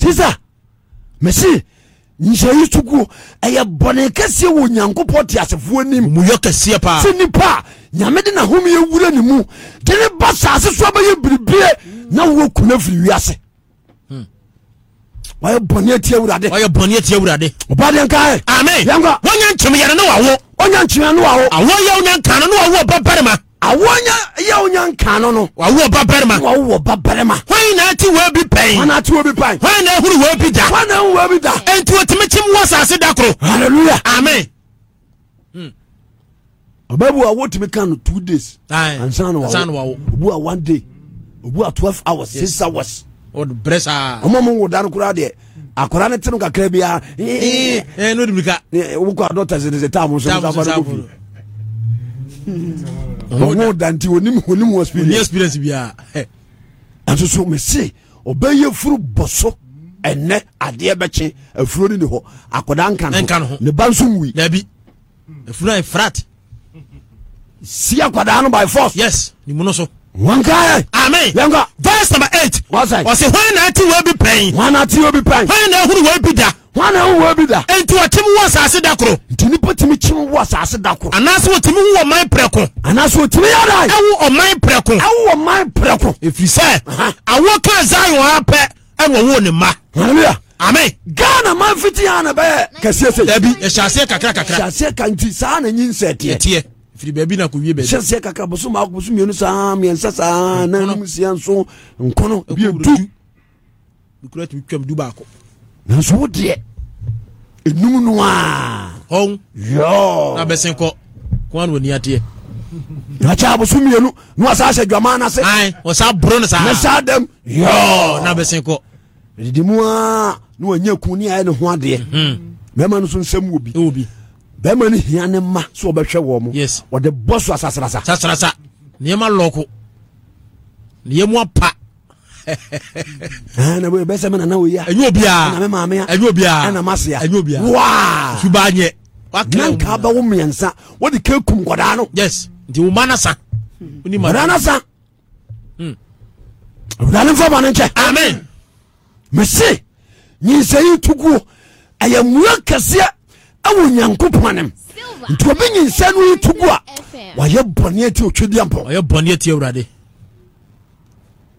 sisa mesi nhyɛyi so guo ɛyɛ bɔne kɛseɛ wɔ onyankopɔn te asefoɔ nim muyɔ kɛseɛ paa sɛ nipa a nyame de nahomeyɛ wura ne mu de ne ba saase so abɛyɛ biribie na wowɔ kuna firi wiase hmm. wayɛ bɔne ati awurade ɔyɛ bɔne ati awurade ɔbadeɛ nkaɛ ame yɛnkɔ wɔnya nkyemyɛne ne wawo ɔnya nkyemyɛne ne wawo awɔ yɛ wonya nkane ne wawo ɔbɛbarema awonya yɛ wonya nka no no wawo ba barima wawo ba barima hwan na ati wo bi pɛn hwan na ati wo bi pɛn hwan na ehuru wo bi da hwan na ehuru wo bi da enti otimi kyim wɔ saase da hallelujah amen hmm. ɔbɛbu a wotumi kan no two days ansan na wawo obu a one day obu a twelve hours yes. six hours ɔbrɛ saa ɔmo mo wo da no koraa deɛ akɔra ne te no kakra biara ɛɛ n'o de mi ka wokɔ adɔtɛsi de se taa mo so mo sa fa de ko ɔho danti onim onim experience onim experience bia nso so me se ɔbɛyɛ furu bɔ so ɛnɛ adeɛ bɛkye afuro ne ne hɔ akɔda nka no ne ba nso mwi dabi afuro yɛ frat si akwadaa no by force yes ne mu no so wankaɛ amen yɛnka verse number eight ɔsɛ ɔsɛ hwan na ate wɔ bi pɛn hwan na ate wɔ bi pɛn hwan na ahuru wɔ bi da wọn na wọ bi da. nti wọ timi wọ asase da koro. nti nipa timi timi wọ asase da koro. anaasẹ wọ timi wọ ɔman pẹrẹko. anaasẹ wọ timi yàrá yi. ɛwọ ɔman pẹrẹko. ɛwọ ɔman pẹrẹko. efirisɛ awɔ kan zion ha pɛ ɛwɔ wɔ ne ma. hallelujah. amen. ghana man fiti yan na bɛɛ kɛseɛ sɛ. dabi ɛhyɛaseɛ kakra kakra. ɛhyɛaseɛ kan ti saa na nyi nsɛ tiɛ. tiɛ firi baabi na kò wie baabi. hyɛaseɛ kakra bosom baako bosom mienu saa miɛnsa saa nanum sia nso nkɔnɔ bi edu. nkura tumi twɛm du baako nanso wo deɛ enum no a. hɔn yɔɔ na bɛsɛn kɔ kwan na oni adeɛ. nakyɛ aboso mmienu na wasa ahyɛ dwama no se ɔsa boro no saa sa dem, yɔɔ na bɛsen kɔ didi mu a na wanya ku ne ayɛ ne ho adeɛ mhm. bɛma no so nsɛm wɔ bi bɛma no hia ne ma sɛ wɔbɛhwɛ wɔ mo ɔde bɔ so asasrasa sasrasa nneɛma lɔko nneɛma apa Eh, na bɛ bɛsɛ na ɛnyɛ ɛnyɛ ɛna ɛnyɛ nyɛ n'an k'a bɛ wo miɛnsa o kɔdaa no yes nti ɛyɛ mua kɛseɛ ɛwɔ nyankopɔn anem nti obi nyinsɛ no yi tukuo a wayɛ bɔnneɛ ti otwediampɔ wayɛ ti awurade.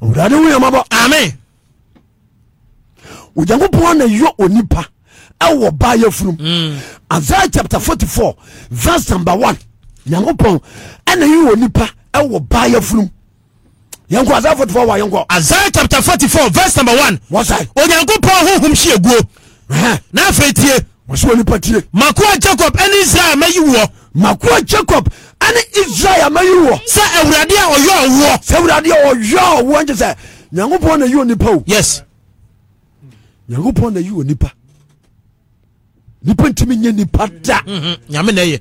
wurade hu yamabɔ ame onyankopɔn na yɔ onipa ɛwɔ ba yɛfurum mm. isaiah chapter 44 verse number 1 nyankopɔn ɛna yɛ onipa ɛwɔ ba yɛfurum yɛnkɔ isaiah 44 wa yɛnkɔ isaiah chapter 44 verse number 1 wɔsae onyankopɔn honhom hye aguo na afei tie wɔsɛ onipa tie makoa jacob ɛne israel mayi woɔ makoa jacob ane israel mayi wɔ sɛ awurade a ɔyɔ ɔwoɔ sɛ awurade a ɔyɔ ɔwoɔ nkyɛ sɛ nyankopɔn na yi wɔ nipa o yes nyankopɔn na yi wɔ nipa nipa ntumi nye nipa da mhm, nyame na ɛyɛ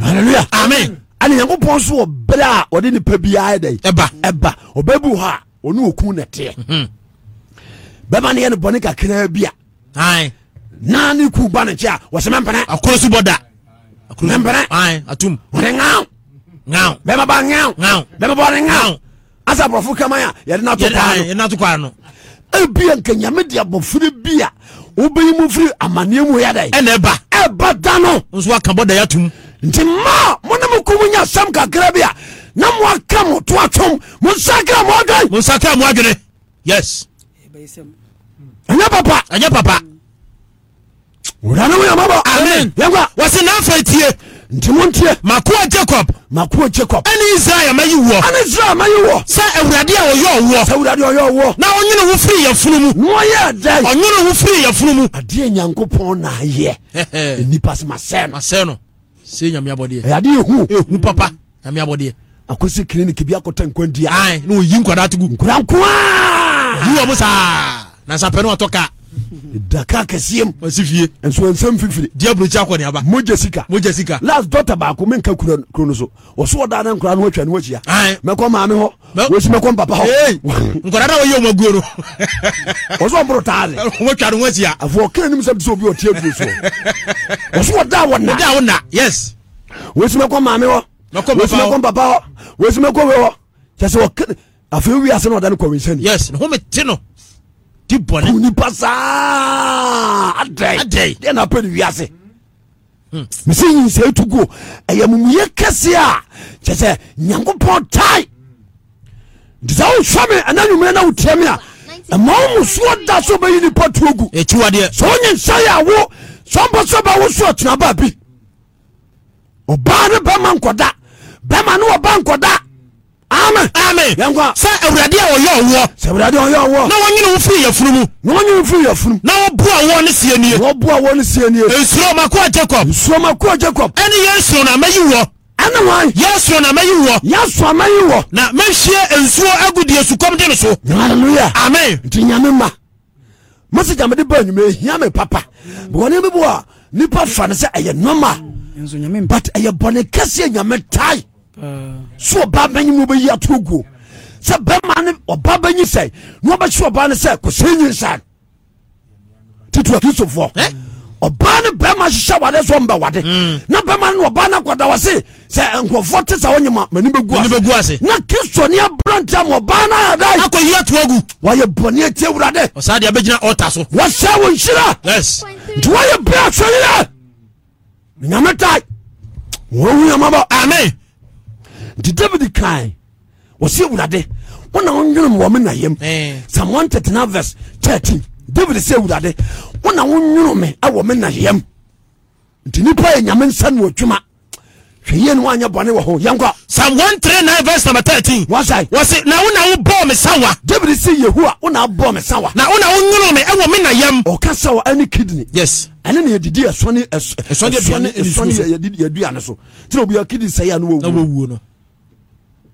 hallelujah amen Ani nyankopɔn so wɔ berɛ a ɔde nipa biara dɛ ɛba ɛba ɔbɛ bi wɔ hɔ a ɔne okun na teɛ mhm. bɛma ne yɛ no bɔne kakraa bi a na ba ne nkyɛ a wɔsɛ mɛmpene akoro da mɛmbrɛ atum ɔne ŋaw ŋaw bɛma ba ŋaw ŋaw bɛma ba ɔne ŋaw asa aborɔfo kama ya, yɛde nato kwaa no ebia nka nyame de abɔfra bi a wobɛyi mu firi amanneɛ mu yɛ dɛ ɛna ɛba ɛba da no nso aka bɔ da yɛatom nti ma mo ne mo ko nya asɛm kakra bi a na moaka mo to atwom monsakra mo adwen monsakra mo adwene yes ɛnyɛ papa ɛnyɛ papa wurade n'afa tie nti mo ntie makoa jacob makoa jacob ɛne israel mayi woɔ ɛne israel mayi woɔ sɛ awurade a ɔyɛ ɔwoɔ sɛ awurade ɔyɛ ɔwoɔ na ɔnwene ho firi yɛfunu mu na ɔyɛ ɔnwene ho firi yɛfunu mu adeɛ nyankopɔn na ayɛ nipa sɛ no masɛ no sɛ nyame abɔdeɛ ɛyade ɛhu ɛhu papa nyame abɔdeɛ akɔsi clinic bi akɔtɛ nkwandia na ɔyi nkwadaa to gu nkwadaa nkoa yi wɔ mo saa nansapɛ no atɔ kaa daka kɛseɛm nso nsɛm fifiri mogya sika las dɔta baako menka kuro no so ɔso ɔda ne nkora no watwa ne wakyia mɛkɔ maame hɔ wɔsi mɛkɔ mpapa hɔ nkɔda na wɔyɛ ɔmaguo no ɔso ɔboro taade wɔtwa no wakyia afo ɔkra nim sɛ bi sɛ obi ɔte aguo soɔ ɔso ɔda wɔ na ɔda wɔ na yes wɔsi mɛkɔ maame hɔ wɔsi mɛkɔ mpapa hɔ wɔsi mɛkɔ wɛ hɔ kyɛ sɛ ɔkra afei wiase na ɔda ne kɔ yes ne home di bɔnɛ kun nipa saa adai adai deɛ na pɛ ni wiase misi yin sɛ etugu ɛyɛ mumuye kɛse a kyerɛ sɛ nyankopɔn tae nti sɛ wohwɛ me ɛna nwumere na wotia me a ɛma wo musuo da so bɛyi nipa tuo gu ɛkyiwadeɛ sɛ wonye nsaeɛ a wo sɛ mpɔ sɛ ba wo so atena baa bi ɔbaa ne bɛma nkɔda bɛma ne wɔba nkɔda amen amen yɛnkwa sɛ awurade a ɔyɛ ɔwoɔ sɛ awurade a ɔyɛ ɔwoɔ na wɔnyene wo firi yɛfunu mu na wɔnyene wo firi yɛfunu na wɔboa wɔ ne sie nie na wɔboa wɔ ne sie nie nsuro makoa jacob nsuro makoa jacob ɛne yɛ nsuro na mayi wɔ ɛne wan yɛsoro na mayi wɔ yɛsoro mayi wɔ na mɛhwie nsuo agu deɛ sukɔm de me so haleluya amen nti nyame ma message a mede ba anwuma ɛhia me papa bɔne bi bo a nipa fa no sɛ ɛyɛ nɔma but ɛyɛ bɔne kɛseɛ so ɔba bɛnyim wobɛyi ato guo sɛ bɛma ne ɔba bɛnyi sɛ na wɔbɛhye ɔba no sɛ kɔsɛ nyinsa titua kristofoɔ ɔba ne bɛma hyehyɛ wade so ɔmbɛ wade na bɛma no ɔba no akɔda wɔ se sɛ nkurɔfoɔ te sɛ wonyima mani bɛgu ase na kristo ne aberante ama ɔba no ayɛdaakɔyi atoa gu wɔyɛ bɔne atie wurade ɔsaa deɛ bɛgyina ɔta so wɔhyɛ wo nhyira nti wɔyɛ bɛ ahwɛ yerɛ nyame tae wɔhu yamabɔ amen nti david kae wɔse awurade wona wonwenem wɔ me na yam psalm 139 verse 13 david sɛ awurade wona wonwene me awɔ me na yam nti nipa yɛ nyame nsa ne wɔdwuma hwɛ yie wɔ psalm verse number na david na na yam ɔka kidney yes yɛdidi yɛdidi so kidney sɛ yɛ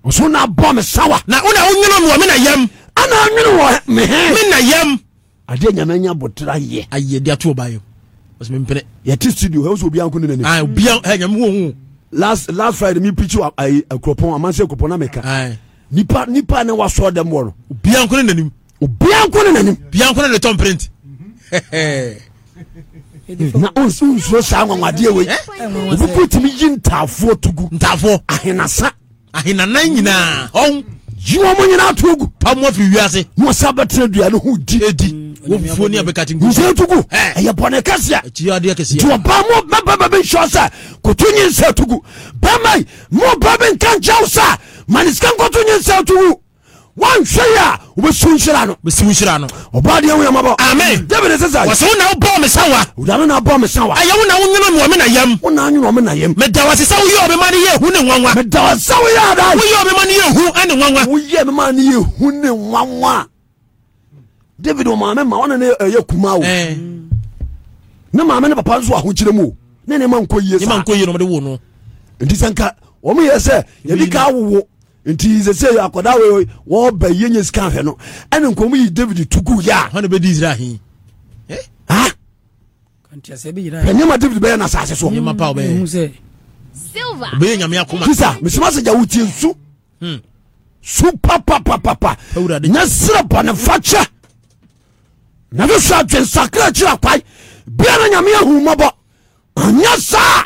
nso na bɔ me sawa na wona wonwono no wɔ me na yam ana nwene wɔ me he me na yam adeɛ nyame anya botera yɛ ayɛ de ato ɔbayɛ mempene yɛte studio ɛwo sɛ obia nko ne nani obia nyame wɔhu last last friday mepikyi akuropɔn amanse akuropɔn na meka nipa nipa ne wasɔ dɛm wɔ no obia nko ne nanim obia nko ne nanim obia nko ne ne tɔn print na ɔnsɛ nsuro saa nwanwadeɛ wei wobɛpɔ tumi yi ntaafoɔ tugu ntaafoɔ ahenasa ahenana nyinaa ɔn yi wɔn mo nyinaa tugu gu pa mo afiri wiase na wɔsɛ dua aduane ho di edi wo wofuo ni abɛkate ngu nsa to gu ɛyɛ bɔne kɛseɛ akyi adeɛ kɛseɛ nti ɔbaa mo bɛba bɛbɛ nhyɛ sɛ koto nye nsa tugu gu bɛma mo ba bi nka nkyɛw sɛ manisika nkɔto nye tugu. wanhwɛ yi a wobɛsiw nhyira no bɛsiw nhyira no ɔba deɛ woyamabɔ amen david sesa wɔsɛ wo na wobɔɔ me sawa wodame na bɔ me sawa ɛyɛ wo na wonwono me wɔ me na yam wo na nwono me na yam meda wase sɛ woyɛ ɔmema no yɛ hu ne nwanwa meda wase woyɛ ada woyɛ ɔmema no yɛ hu ne nwanwa woyɛ mema no yɛ hu ne nwanwa david ɔmaame ma ɔne ne ɛyɛ eh, kuma wo eh. ne maame ne papa nso ahokyerɛ mu ne ne ma nkɔ yie sa nti sɛ nka ɔmyɛ sɛ nti sese akɔda wei wɔba yie nye sika hwɛ no ɛne nkɔmu yi david tugu yɛ a hɔn bɛ di israel hin ha ɛnyɛma david bɛyɛ na asase so ɛnyɛma pa ɔbɛyɛ ɔbɛyɛ nyame akoma sisa mesoma se gya wotie nsu hmm. su papapapapa nyɛ serɛ bɔne fakyɛ na de so adwe nsakra akyiri akwae bia na nyame ahumɔbɔ anyɛ saa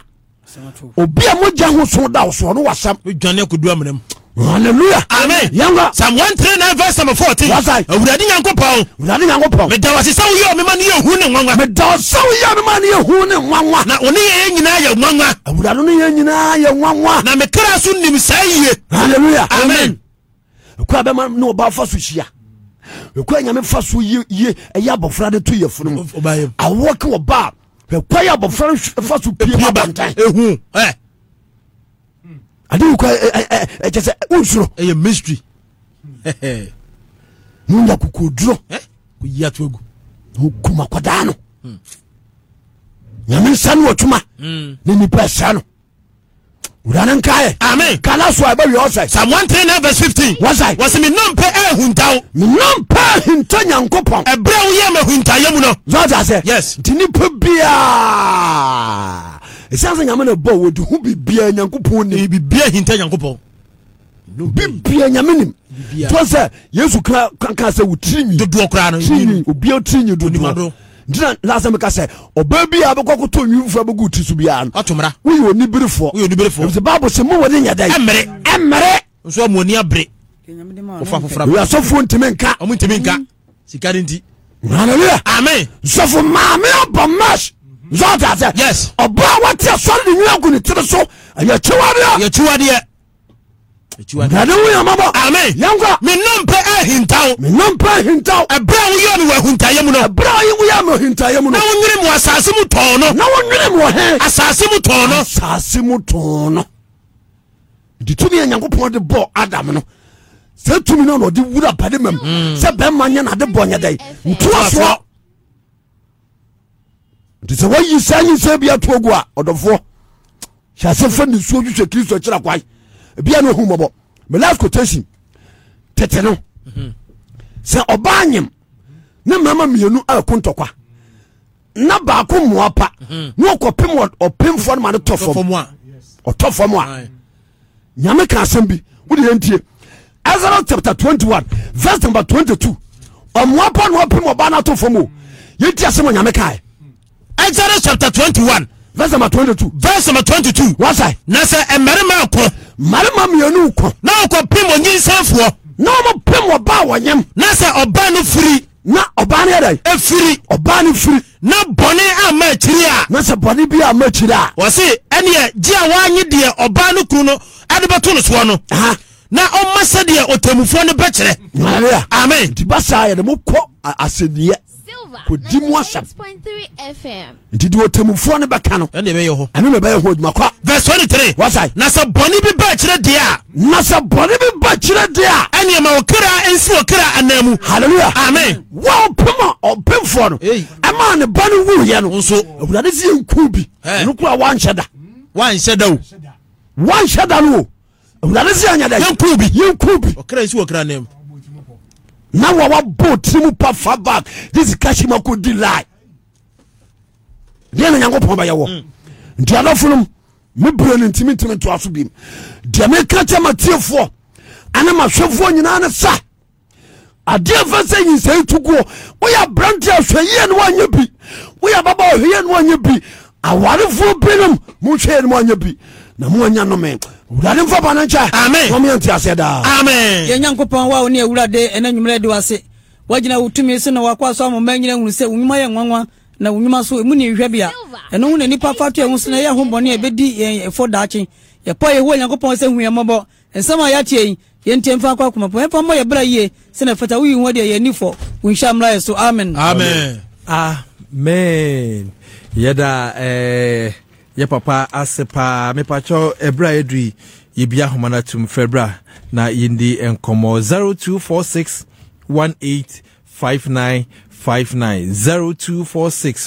obi a mogya ho so da wo soɔ no wasɛm dwane akɔdu amanam hallelujah amen yanga psalm one three nine verse number fourteen wasai awurade nyankopɔn awurade nyankopɔn medawa sisan wo yɛ o mema ne yɛ hu ne nwanwa medawa sisan wo yɛ o mema ne yɛ hu ne nwanwa na o ne yɛ yɛ nyinaa yɛ nwanwa awurade ne yɛ nyinaa yɛ nwanwa na me kra so nim saa yie hallelujah amen ekura bɛma ne ɔba fa so hyia ekura nyame fa so yie yie ɛyɛ abɔfra de to yɛ funu mu awɔ ke wɔ ba ekura yɛ abɔfra fa so pie abantan ehu ɛɛ adeyi eh, eh, eh, kɔ ɛkyɛ sɛ wosoro ɛyɛ mystery monya kokoduro koyi ato agu ɔkum akɔdaa no nyame nsa no wɔtwuma hmm. ne nipa ɛsɛ no wurane nkaɛ amen kala so a ɛbɛwie ɔsɛ three nine verse 15 wɔsɛ wɔsɛ me nɔmpɛ ahunta wo me nɔmpɛ ahinta nyankopɔn ɛberɛ woyɛ ma ahuntaeɛ mu no sɛ ɔta sɛ yes nti nipa biaa ɛsiane sɛ nyame na bɔ wɔde ho bibia nyankopɔn nim bibia hinta nyankopɔn bibia nyame nim tɔ sɛ yesu kanka sɛ wo tirinwi tirinwi dodoɔ ntina lasa mi sɛ ɔbaa bi a bɛkɔ koto nwi ti so biara no woyɛ onibirifoɔ woyɛ sɛ mo wɔde nyɛ dɛ nso amu abere wofa foforɔ abere asɔfo ntumi nka ɔmo ntumi nka sika ni nti hallelujah amen nsɔfo maame abɔ mash sọtase. yes. ọba a wate asọri ni nwi agu ni tiri so ẹyẹ kyiwadeɛ. wo yamma bɔ. Ami. Yankwa. ahintaw. Mi ahintaw. Ɛbrɛ a woyɛ mi wɔ ahintayɛ mu no. Ɛbrɛ a woyɛ mi ahintayɛ mu no. Na wo mu asase mu tɔn no. Na wo mu wɔ Asase mu tɔn no. Asase mu tɔn no. Nti tumi yɛ nyankopɔn de bɔ Adam no. Sɛ tumi na ɔde wura bade mɛm. Sɛ bɛrima nyɛ na ade bɔ nyɛ dɛ. Ntuwasoɔ nti sɛ wayi saa nyinsa bi ato agu a ɔdɔfoɔ hyɛ ase fa ne suo twitwɛ kristo kyerɛ kwae bia ne ɔhu mmɔbɔ me last quotation tete no sɛ ɔbaa nyem ne mmarima mmienu ako ntɔkwa na baako mmoa pa na ɔkɔpem ɔpemfoɔ no ma no tɔ fam ɔtɔ fam a nyame ka asɛm bi wode yɛntie exodus chapter 21 verse number 22 ɔmmoa pa na ɔpem ɔbaa no ato fam o yɛnti asɛm ɔnyame kae exodus chapter twenty one. verse number twenty two. verse number twenty two. wasa. na sɛ mmarima kɔ. mmarima mmienu kɔ. na ɔkɔ pim ɔnyinsanfoɔ. na wɔn pim ɔbaa wɔ nyam. na sɛ ɔbaa no firi. na ɔbaa no yɛrɛ. firi, ɔbaa no firi. na bɔnne a ma akyiri a. na sɛ bɔnne bi a ma akyiri a. wɔsi ɛnìyɛ gye a wɔanyi deɛ ɔbaa no kunu no ɛde bɛto no soɔ na ɔmma sɛdeɛ ɔtɛmufoɔ no bɛkyerɛ. amen. nti basa yɛde mo kɔ kò di mu asɛm nti de ɔtamufoɔ no bɛka no ɛne bɛyɛ hɔ ɛne bɛyɛ hɔ adwuma kɔ verse 23 wasae na sɛ bɔne bi ba akyerɛ deɛ a na sɛ bi ba akyerɛ deɛ a ɛneɛ ma ɔkra ɛnsi ɔkra anaa mu halleluya amen wɔpem a ɔpemfoɔ no ɛma ne ba no wuyɛ no nso awurade sɛ yɛnku bi ɛno kora wanhyɛ da wanhyɛ da o wanhyɛ da no o awurade sɛ yɛnyɛ da yɛnku bi yɛnku bi ɔkra ɛnsi ɔkra anaa mu na wɔwɔ bo tirimu pa fa back yesu ka hyima ko di lie deɛ na nyankopɔn bɛyɛ wɔ nti adɔfo nom me bere no ntimi ntimi ntoa so bim deɛ meka kyɛ matiefoɔ ane mahwɛfoɔ nyinaa ne sa adeɛ fa sɛ nyinsɛe tukuo woyɛ aberante ahwɛ yie no woanyɛ bi woyɛ baba ɔhwɛ yie no woanyɛ bi awarefoɔ binom monhwɛ yie no moanyɛ bi na moanya nome wurade mfa pa bɔne nkyɛ ɔmeyɛnte aseɛ daa yɛ nyankopɔn wa wo ne awurade ɛna nwumerɛ de wase woagyina wo tumi so na wakɔa so amoma nyina hunu sɛ wo nnwuma yɛ nwanwa na wo nnwuma so ɛmu ne nhwɛ bia ɛno ho na nnipa fa to ɛho so na ɛyɛ ho bɔne a ɛbɛdi yɛn ɛfo daakye yɛpɔ yɛhoa nyankopɔn sɛ hu yɛn mmɔbɔ nsɛm a yɛateɛ yi yɛntie mfa akɔ akoma pɔ yɛmfa mmɔ yɛ berɛ yie sɛ na fata woyi ho deɛ yɛani fɔ wo nhyɛ mmra yɛ so amen amen amen yɛda eh, yɛ papa ase paa mepakyɛw ɛberɛ a yɛdui yɛbi ahoma no atom frɛ berɛ a na yɛndi nkɔmmɔ 0246 18 59 59 0246